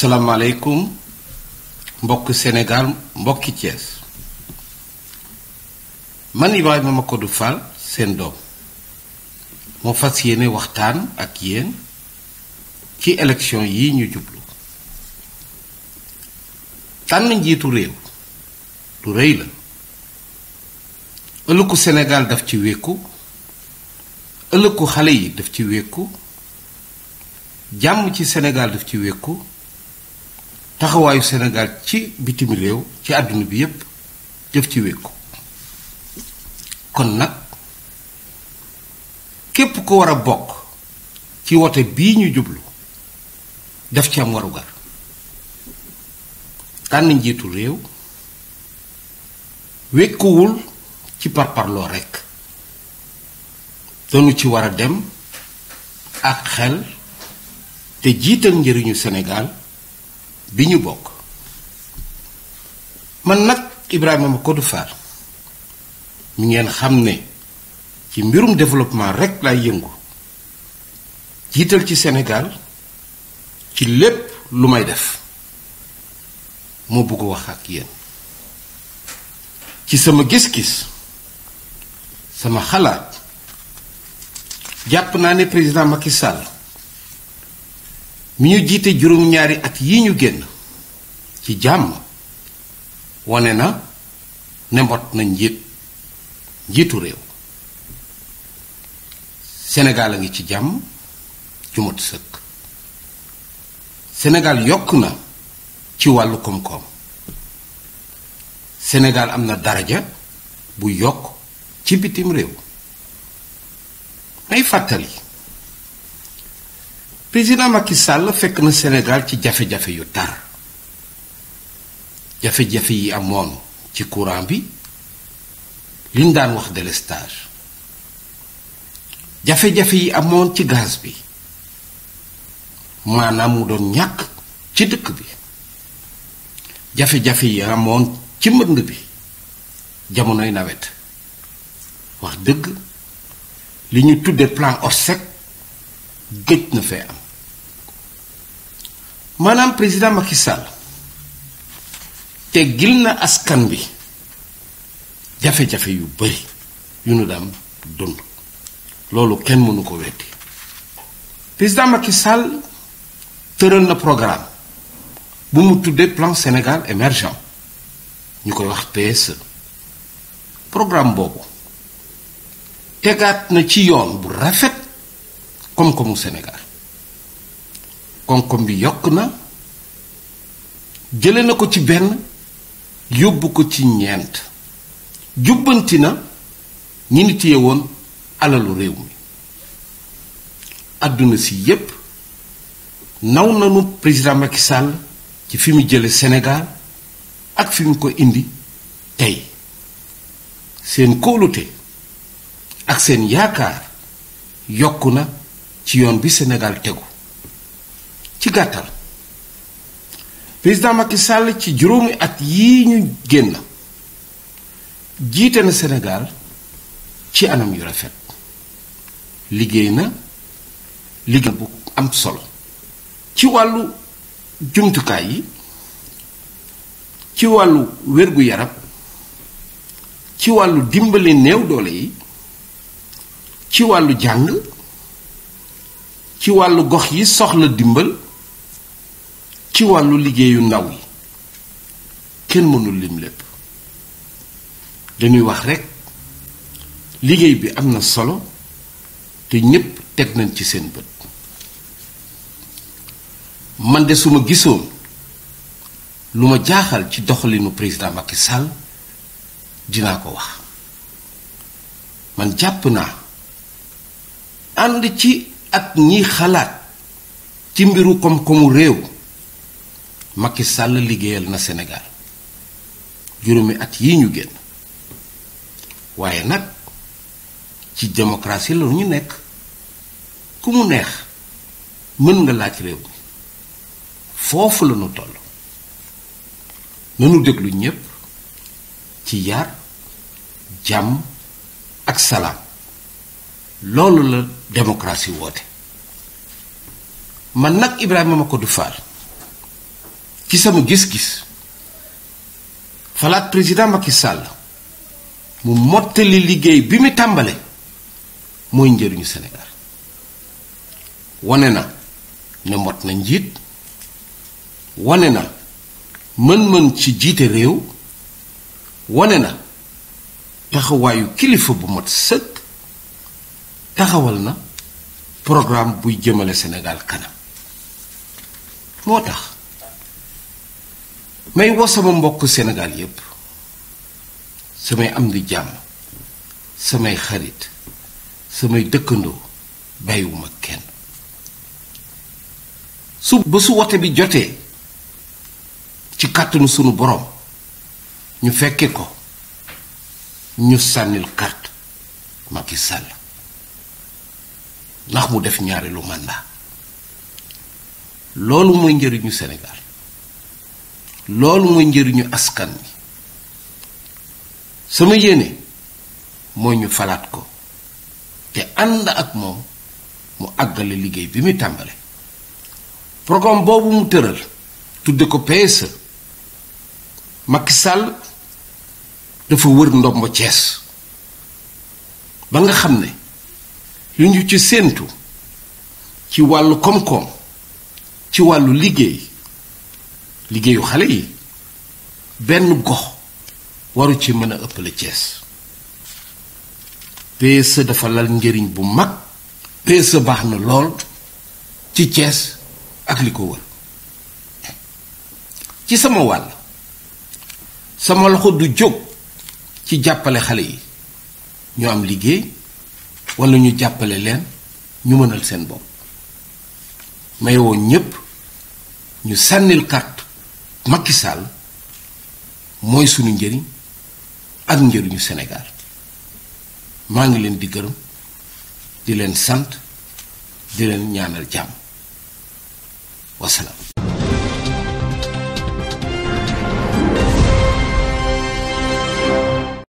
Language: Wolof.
asalaamaaleykum mbokk Sénégal mbokki Thiès man Ibrahima Macodou Fall seen doom moo fas yéene waxtaan ak yéen ci élection yi ñu jublu tànn njiitu réew lu rëy la ëllëgu Sénégal daf ci wékku ëllëgu xale yi daf ci wékku jàmm ci senegaal daf ci wékku taxawaayu senegaal ci bitim réew ci àdduna bi yépp def ci wékku kon nag képp ko war a bokk ci wote bii ñu jublu def ci am warugar tànn njiitu réew wékkuwul ci parparloo rekk dañu ci war a dem ak xel te jiital njëriñu senegaal bi ñu bokk man nag ibrahima ma ko du faar mi ngeen xam ne ci mbirum développement rek lay yëngu jiital ci sénégal ci lépp lu may def moo wax ak yéen ci sama gis-gis sama xalaat jàpp naa ne président Macky Sall mi ñu jiite juróom-ñaari at yi ñu génn ci jàmm wane na ne na njiit njiitu réew senegal a ngi ci jàmm ju mat sëkk senegal yokk na ci wàllu koom-koom Sénégal am na daraja bu yokk ci bitim réew may fàttali président Macky sàll fekk na Sénégal ci jafe-jafe yu tar jafe-jafe yi amoon ci courant bi li ñu daan wax délestage jafe-jafe yi amoon ci gaz bi maanaam mu doon ñàkk ci dëkk bi jafe-jafe yi amoon ci mbënd bi jamonoy nawet wax dëgg li ñu tudde plan ORSEC gëj na fee am maanaam président Macky Sall te gil na askan bi jafe-jafe yu bari yu nu daan dund loolu kenn mënu ko weddi président Macky Sall tëral na programme bu mu tuddee plan Sénégal émergent ñu koy wax PSE programme boobu tegaat na ci yoon bu rafet koom-koomu Sénégal koom bi yokk na jële na ko ci benn yóbbu ko ci ñeent jubbanti na ñi ni téye woon alalu réew mi àdduna si yépp naw nanu président Macky Sall ci fi mu jële Sénégal ak fi mu ko indi tey seen kóolute ak seen yaakaar yokk na ci yoon bi senegal tegu ci gàttal président Macky sàll ci juróomi at yi ñu génn jiite na Sénégal ci anam yu rafet liggéey na liggéey bu am solo ci wàllu jumtukaay yi ci wàllu wér-gu-yaram ci wàllu dimbali néew doole yi ci wàllu jàng ci wàllu gox yi soxla dimbal ci wàllu liggéeyu ndaw yi kenn mënul lim lépp dañuy wax rekk liggéey bi am na solo te ñépp teg nañ ci seen bët man de suma ma gisoon lu ma jaaxal ci doxalinu président Macky Sall dinaa ko wax man jàpp naa ànd ci ak ñi xalaat ci mbiru koom-koomu réew Macky sàll liggéeyal na senegaal juróomi at yi ñu génn waaye nag ci démocratie la ñu nekk ku mu neex mën nga laaj réew mi foofu la ñu toll nanu déglu ñépp ci yar jàmm ak salaam loolu la démocratie woote man nag Ibrahima Macodou Fall ci sama gis-gis falaat président Macky Sall mu mottali liggéey bi mu tàmbale mooy njëriñu senegal wane na ne mot na njiit wane na mën-mën ci jiite réew wane na taxawaayu kilifa bu mot sëkk taxawal na programme buy jëmale Sénégal kanam moo tax may woo sama mbokk Sénégal yépp samay am di jàmm samay xarit samay dëkkandoo bàyyiwuma kenn su ba su wote bi jotee ci kàttanu sunu borom ñu fekke ko ñu sànnil carte Macky Sall ndax mu def ñaareelu mandat loolu mooy njëriñu Sénégal loolu mooy njëriñu askan wi sama yéene mooy ñu falaat ko te ànd ak moom mu àggale liggéey bi muy tàmbale programme boobu mu tëral tudde ko PSE Macky Sall dafa wër ndombo Cees ba nga xam ne li ñu ci séentu ci wàllu koom-koom ci wàllu liggéey liggéeyu xale yi benn gox waru ci mën a ëppale Cees PSE dafa lal njëriñ bu mag PSE baax na lool ci Cees ak li ko wër ci sama wàll sama loxo du jóg ci jàppale xale yi ñu am liggéey walla ñu jàppale leen ñu mënal seen bopp may woon ñépp ñu sànnil carte Macky Sall mooy sunu njëriñ ak njëriñu Sénégal maa ngi leen di gërëm di leen sant di leen ñaanal jàmm wasalaam.